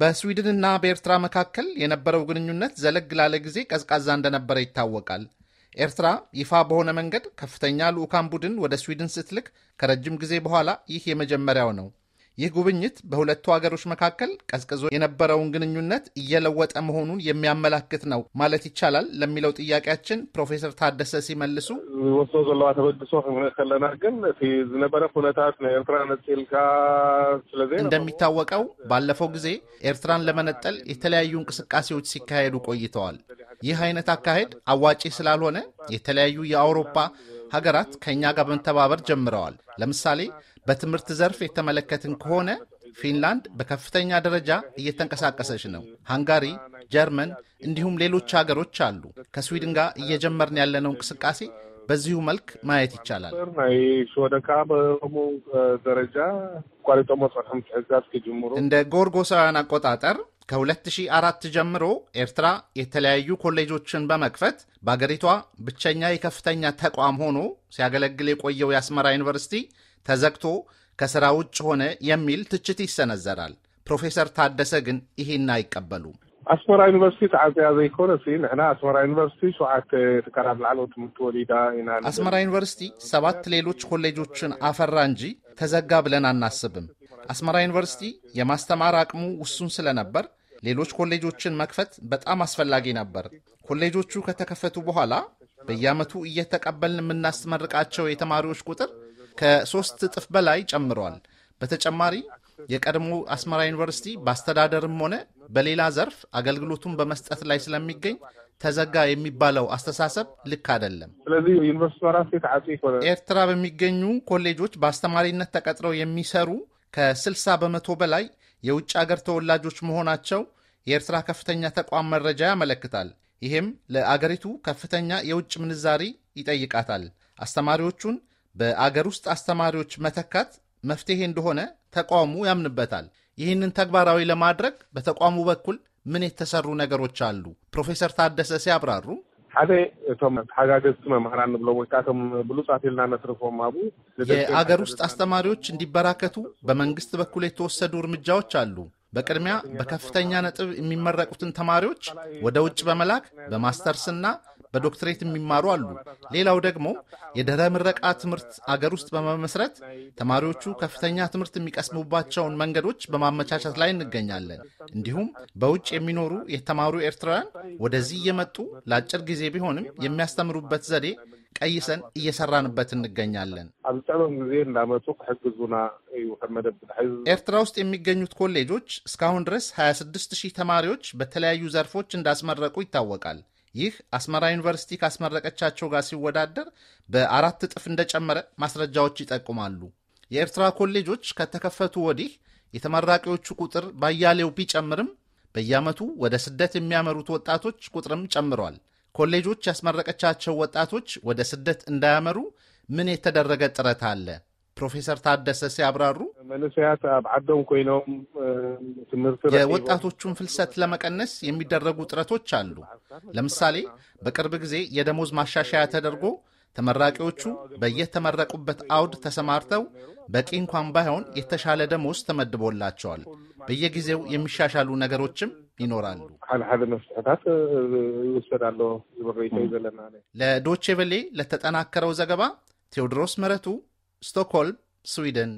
በስዊድንና በኤርትራ መካከል የነበረው ግንኙነት ዘለግ ላለ ጊዜ ቀዝቃዛ እንደነበረ ይታወቃል። ኤርትራ ይፋ በሆነ መንገድ ከፍተኛ ልዑካን ቡድን ወደ ስዊድን ስትልክ ከረጅም ጊዜ በኋላ ይህ የመጀመሪያው ነው። ይህ ጉብኝት በሁለቱ ሀገሮች መካከል ቀዝቅዞ የነበረውን ግንኙነት እየለወጠ መሆኑን የሚያመላክት ነው ማለት ይቻላል ለሚለው ጥያቄያችን ፕሮፌሰር ታደሰ ሲመልሱ ወሶ ዘለዋ ተበግሶ ከለና ግን ዝነበረ ኩነታት ኤርትራ ነፂልካ ስለዚ እንደሚታወቀው ባለፈው ጊዜ ኤርትራን ለመነጠል የተለያዩ እንቅስቃሴዎች ሲካሄዱ ቆይተዋል። ይህ አይነት አካሄድ አዋጪ ስላልሆነ የተለያዩ የአውሮፓ ሀገራት ከእኛ ጋር በመተባበር ጀምረዋል። ለምሳሌ በትምህርት ዘርፍ የተመለከትን ከሆነ ፊንላንድ በከፍተኛ ደረጃ እየተንቀሳቀሰች ነው። ሃንጋሪ፣ ጀርመን እንዲሁም ሌሎች ሀገሮች አሉ። ከስዊድን ጋር እየጀመርን ያለነው እንቅስቃሴ በዚሁ መልክ ማየት ይቻላል። እንደ ጎርጎሳውያን አቆጣጠር ከ2004 ጀምሮ ኤርትራ የተለያዩ ኮሌጆችን በመክፈት በአገሪቷ ብቸኛ የከፍተኛ ተቋም ሆኖ ሲያገለግል የቆየው የአስመራ ዩኒቨርሲቲ ተዘግቶ ከሥራ ውጭ ሆነ የሚል ትችት ይሰነዘራል። ፕሮፌሰር ታደሰ ግን ይህን አይቀበሉም። ኣስመራ ዩኒቨርሲቲ ተዓፅያ ዘይኮነ ንሕና ኣስመራ ዩኒቨርሲቲ ሸውዓተ ትካላት ላዕለ ትምህርቲ ወሊዳ ኢና ኣስመራ ዩኒቨርሲቲ ሰባት ሌሎች ኮሌጆችን አፈራ እንጂ ተዘጋ ብለን አናስብም። አስመራ ዩኒቨርሲቲ የማስተማር አቅሙ ውሱን ስለነበር ሌሎች ኮሌጆችን መክፈት በጣም አስፈላጊ ነበር። ኮሌጆቹ ከተከፈቱ በኋላ በየዓመቱ እየተቀበልን የምናስመርቃቸው የተማሪዎች ቁጥር ከሶስት እጥፍ በላይ ጨምረዋል። በተጨማሪ የቀድሞ አስመራ ዩኒቨርሲቲ በአስተዳደርም ሆነ በሌላ ዘርፍ አገልግሎቱን በመስጠት ላይ ስለሚገኝ ተዘጋ የሚባለው አስተሳሰብ ልክ አይደለም። ስለዚህ ኤርትራ በሚገኙ ኮሌጆች በአስተማሪነት ተቀጥረው የሚሰሩ ከ60 በመቶ በላይ የውጭ አገር ተወላጆች መሆናቸው የኤርትራ ከፍተኛ ተቋም መረጃ ያመለክታል። ይህም ለአገሪቱ ከፍተኛ የውጭ ምንዛሪ ይጠይቃታል። አስተማሪዎቹን በአገር ውስጥ አስተማሪዎች መተካት መፍትሄ እንደሆነ ተቋሙ ያምንበታል። ይህንን ተግባራዊ ለማድረግ በተቋሙ በኩል ምን የተሰሩ ነገሮች አሉ? ፕሮፌሰር ታደሰ ሲያብራሩ ሓደ እቶም ተሓጋገዝቲ መምህራን ንብሎም ወይ ከዓ እቶም ብሉፃት ኢልና ነትርፎም አቡ የአገር ውስጥ አስተማሪዎች እንዲበራከቱ በመንግስት በኩል የተወሰዱ እርምጃዎች አሉ። በቅድሚያ በከፍተኛ ነጥብ የሚመረቁትን ተማሪዎች ወደ ውጭ በመላክ በማስተርስና በዶክትሬት የሚማሩ አሉ። ሌላው ደግሞ የድህረ ምረቃ ትምህርት አገር ውስጥ በመመስረት ተማሪዎቹ ከፍተኛ ትምህርት የሚቀስሙባቸውን መንገዶች በማመቻቸት ላይ እንገኛለን። እንዲሁም በውጭ የሚኖሩ የተማሩ ኤርትራውያን ወደዚህ እየመጡ ለአጭር ጊዜ ቢሆንም የሚያስተምሩበት ዘዴ ቀይሰን እየሰራንበት እንገኛለን። ኣብ ጊዜ እንዳመፁ ክሕግዙና እዩ ኤርትራ ውስጥ የሚገኙት ኮሌጆች እስካሁን ድረስ 26 ሺህ ተማሪዎች በተለያዩ ዘርፎች እንዳስመረቁ ይታወቃል። ይህ አስመራ ዩኒቨርሲቲ ካስመረቀቻቸው ጋር ሲወዳደር በአራት እጥፍ እንደጨመረ ማስረጃዎች ይጠቁማሉ። የኤርትራ ኮሌጆች ከተከፈቱ ወዲህ የተመራቂዎቹ ቁጥር ባያሌው ቢጨምርም በየዓመቱ ወደ ስደት የሚያመሩት ወጣቶች ቁጥርም ጨምሯል። ኮሌጆች ያስመረቀቻቸው ወጣቶች ወደ ስደት እንዳያመሩ ምን የተደረገ ጥረት አለ? ፕሮፌሰር ታደሰ ሲያብራሩ መንስያት ኣብ ዓዶም ኮይኖም ትምህርት የወጣቶቹን ፍልሰት ለመቀነስ የሚደረጉ ጥረቶች አሉ። ለምሳሌ በቅርብ ጊዜ የደሞዝ ማሻሻያ ተደርጎ ተመራቂዎቹ በየተመረቁበት አውድ ተሰማርተው በቂ እንኳን ባይሆን የተሻለ ደሞዝ ተመድቦላቸዋል። በየጊዜው የሚሻሻሉ ነገሮችም ይኖራሉ። ለዶቼ ቬሌ ለተጠናከረው ዘገባ ቴዎድሮስ መረቱ ስቶክሆልም፣ ስዊድን